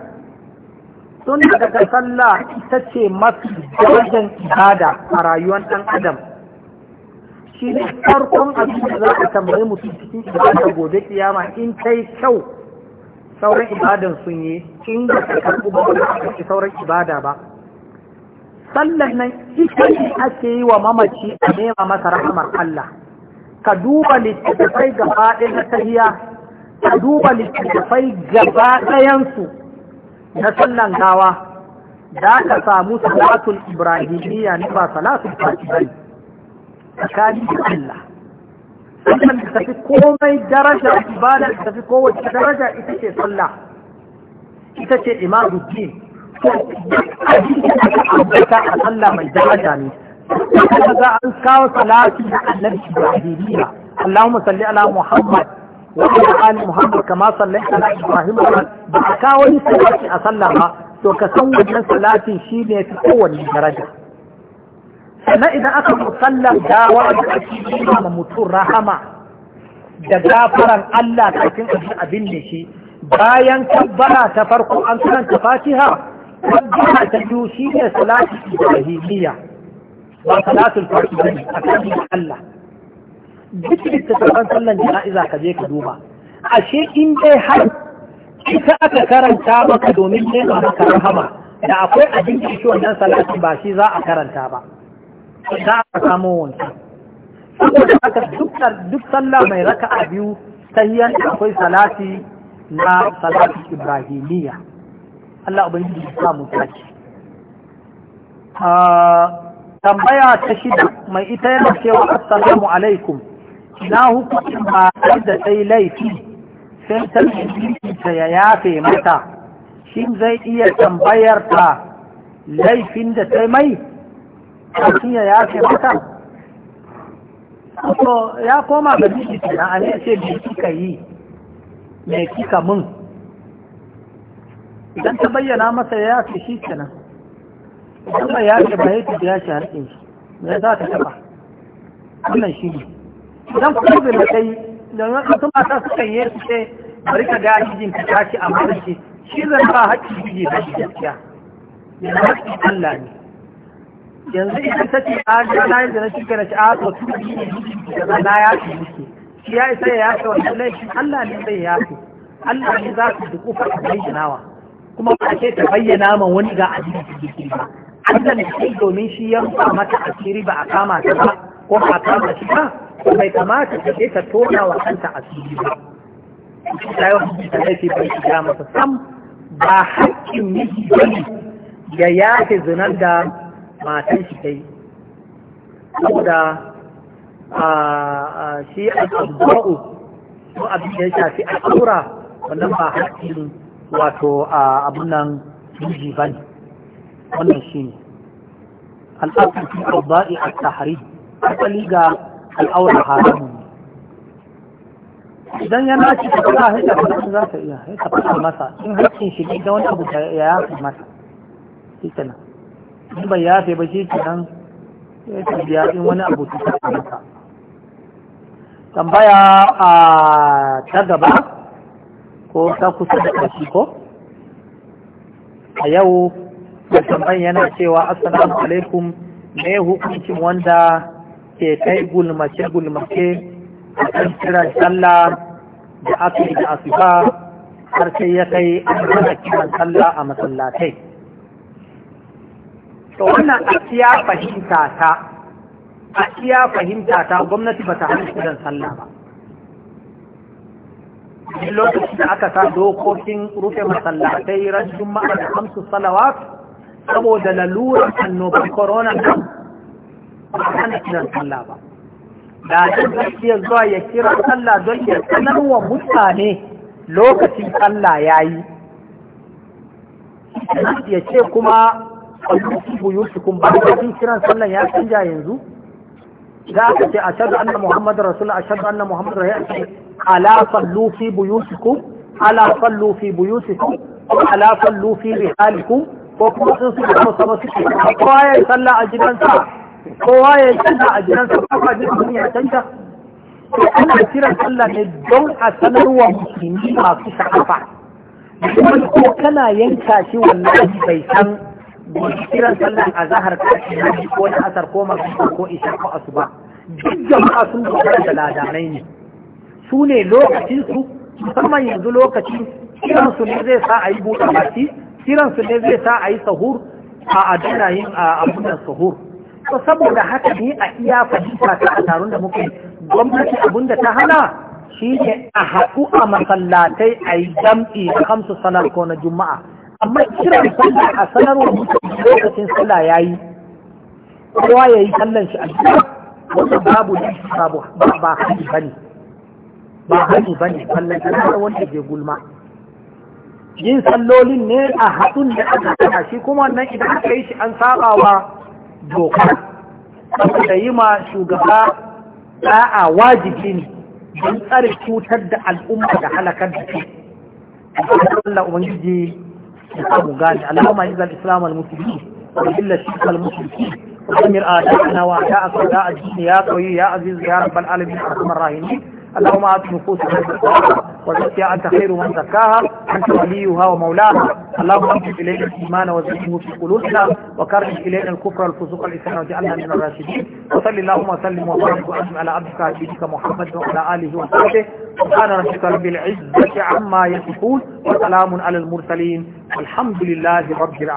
sun daga sallah ita ce mafi darajar ibada a rayuwar ɗan adam shi ne farkon abin da za a tambayi mutum cikin ibada gobe kiyama in ta yi kyau sauran ibadan sun yi in da ta karɓi ba ba sauran ibada ba sallan nan ita ne ake yi wa mamaci a nema masa rahamar Allah ka duba littattafai gaba ɗaya na tahiya ka duba littattafai gaba ɗayansu na sallan gawa da ka samu salatul ibrahimiyya ne ba salatul fatiha tsakani da Allah wannan da tafi komai daraja ibada da tafi kowace daraja ita ce sallah ita ce imamu din to abin da aka ambata a sallah mai daraja ne kaga za an kawo salati da annabi ibrahimiya Allahumma salli ala Muhammad wa ala ali Muhammad kama sallaita ala Ibrahim ba a kawo ni salati a sallah ba to ka san wannan salati shine fi kowanne daraja sannan idan aka musallar dawa da ake yi ma mutum rahama da gafaran Allah kafin a abin da shi bayan kabbara ta farko an karanta fatiha kabbara ta biyu shine salati ibrahimiya ba salatul farki bane a kan Allah duk littattafan sallan jana'iza ka je ka duba ashe in dai har ita aka karanta maka domin nema maka rahama da akwai abin da shi wannan salati ba shi za a karanta ba za a samu wancan saboda haka duk sallah mai raka a biyu sayyan akwai salati na salati ibrahimiyya Allah ubangiji ya samu tashi tambaya ta shida mai ita yana cewa assalamu alaikum na hukuncin ba da sai laifi sai ta ta ya yafe mata shi zai iya tambayar ta laifin da sai mai cikin ya yafe mata so ya koma ga biki na an ce bi kika yi me kika mun idan ta bayyana masa ya yafe shi kenan amma ya ce ba yake da ya ce harkin shi me za ta taba wannan shi ne idan kuma bai kai da wani kasu mata suka yi su ce bari ka ga jijin ka tashi a mara shi shi zan ba haƙƙi jiji da shi gaskiya yana haƙƙi Allah ne yanzu idan ta ce a ga na da na shiga na ci a to tu bi ne da na ya ce miki shi ya isa ya yafe wannan shi? Allah ne zai yafe Allah ne za su duku fa a nawa. kuma ba ce ta bayyana ma wani ga addini jirgin ba Allah ne shi domin shi ya rufa mata asiri ba a kama ta ba ko a kama shi ba bai kamata ka je ta tona wa kanta asiri ba ta yi ta laifi shi ya masa sam ba haƙƙin miji bane ya yafe zinar da matan shi ta yi saboda shi al'abba'u ko abin da ya shafi tsura wannan ba haƙƙin wato abin nan miji bane wannan shi ne al'adun fi abba'i a tahari asali ga al'aura haramun idan yana ci ta kuma haika fata za ta iya haita fata masa in haƙƙin shi ne da wani abu da ya yafe masa shi na in bai yafe ba shi nan ya ce biya in wani abu ta ta masa tambaya a ta gaba ko ta kusa da ƙarshe ko a yau musamman yana cewa assalamu alaikum me hukuncin wanda ke kai gulmace gulmace a kan kiran sallah da aka yi da asuba har sai ya kai an rana kiran sallah a masallatai to wannan a siya fahimta ta a siya fahimta ta gwamnati ba ta hana kiran sallah ba lokacin da aka sa dokokin rufe masallatai ran juma'a da hamsu salawat saboda lalurar annobar corona nan ba hana kiran sallah ba da gaskiya zuwa ya kira sallah don ya sanar wa mutane lokacin sallah ya yi ya ce kuma kwallukibu kun ba da jin kiran sallah ya canja yanzu za a ce a shaɗu annan muhammadu rasul a shaɗu annan muhammadu rasul ya ce ala sallu fi buyusikum ala sallu fi buyusikum ala sallu fi rihalikum ko kuma sun su da sama suke kowa ya yi sallah a gidansa kowa ya yi sallah a gidansa ba ka jin duniya canja sai ana kiran sallah ne don a sanar sanarwa musulmi masu sha'afa kuma ko kana yanka shi wallahi bai san kiran sallah a zahar kashi ko na asar ko masu ko isha ko asuba duk jama'a sun dogara da ladanai ne su ne lokacinsu musamman yanzu lokaci kiransu ne zai sa a yi buɗe baki kiransu ne zai sa a yi sahur a adana yin abunan sahur to saboda haka ne a iya fahimta ta a taron da muke gwamnati abin da ta hana shi ne a haku a masallatai a yi jam'i da kamsu sanar ko na juma'a amma kiran sallah a sanarwar mutane lokacin sallah ya yi kowa ya yi sallan shi a gida wanda babu ne babu ba ba bane ba hani kallon da wanda ke gulma yin sallolin ne a haɗun da aka hana shi kuma nan idan aka yi shi an saba wa doka saboda yi ma shugaba ɗa'a wajibi ne don tsare cutar da al'umma da halakar da su Allah Ubangiji ya samu gani al'umma izal Islam al wa illa shi al-Musulmi وأمر آدائنا وأعداءك وداء الدين اللهم آت نفوسنا تقواها وزكها أنت خير من زكاها أنت وليها ومولاها اللهم أنزل إلينا الإيمان وزكه في قلوبنا وكره إلينا الكفر والفسوق والعصيان واجعلنا من الراشدين وصل اللهم وسلم وبارك وأنعم على عبدك حبيبك محمد وعلى آله وصحبه سبحان ربك رب العزة عما يصفون وسلام على المرسلين والحمد لله رب العالمين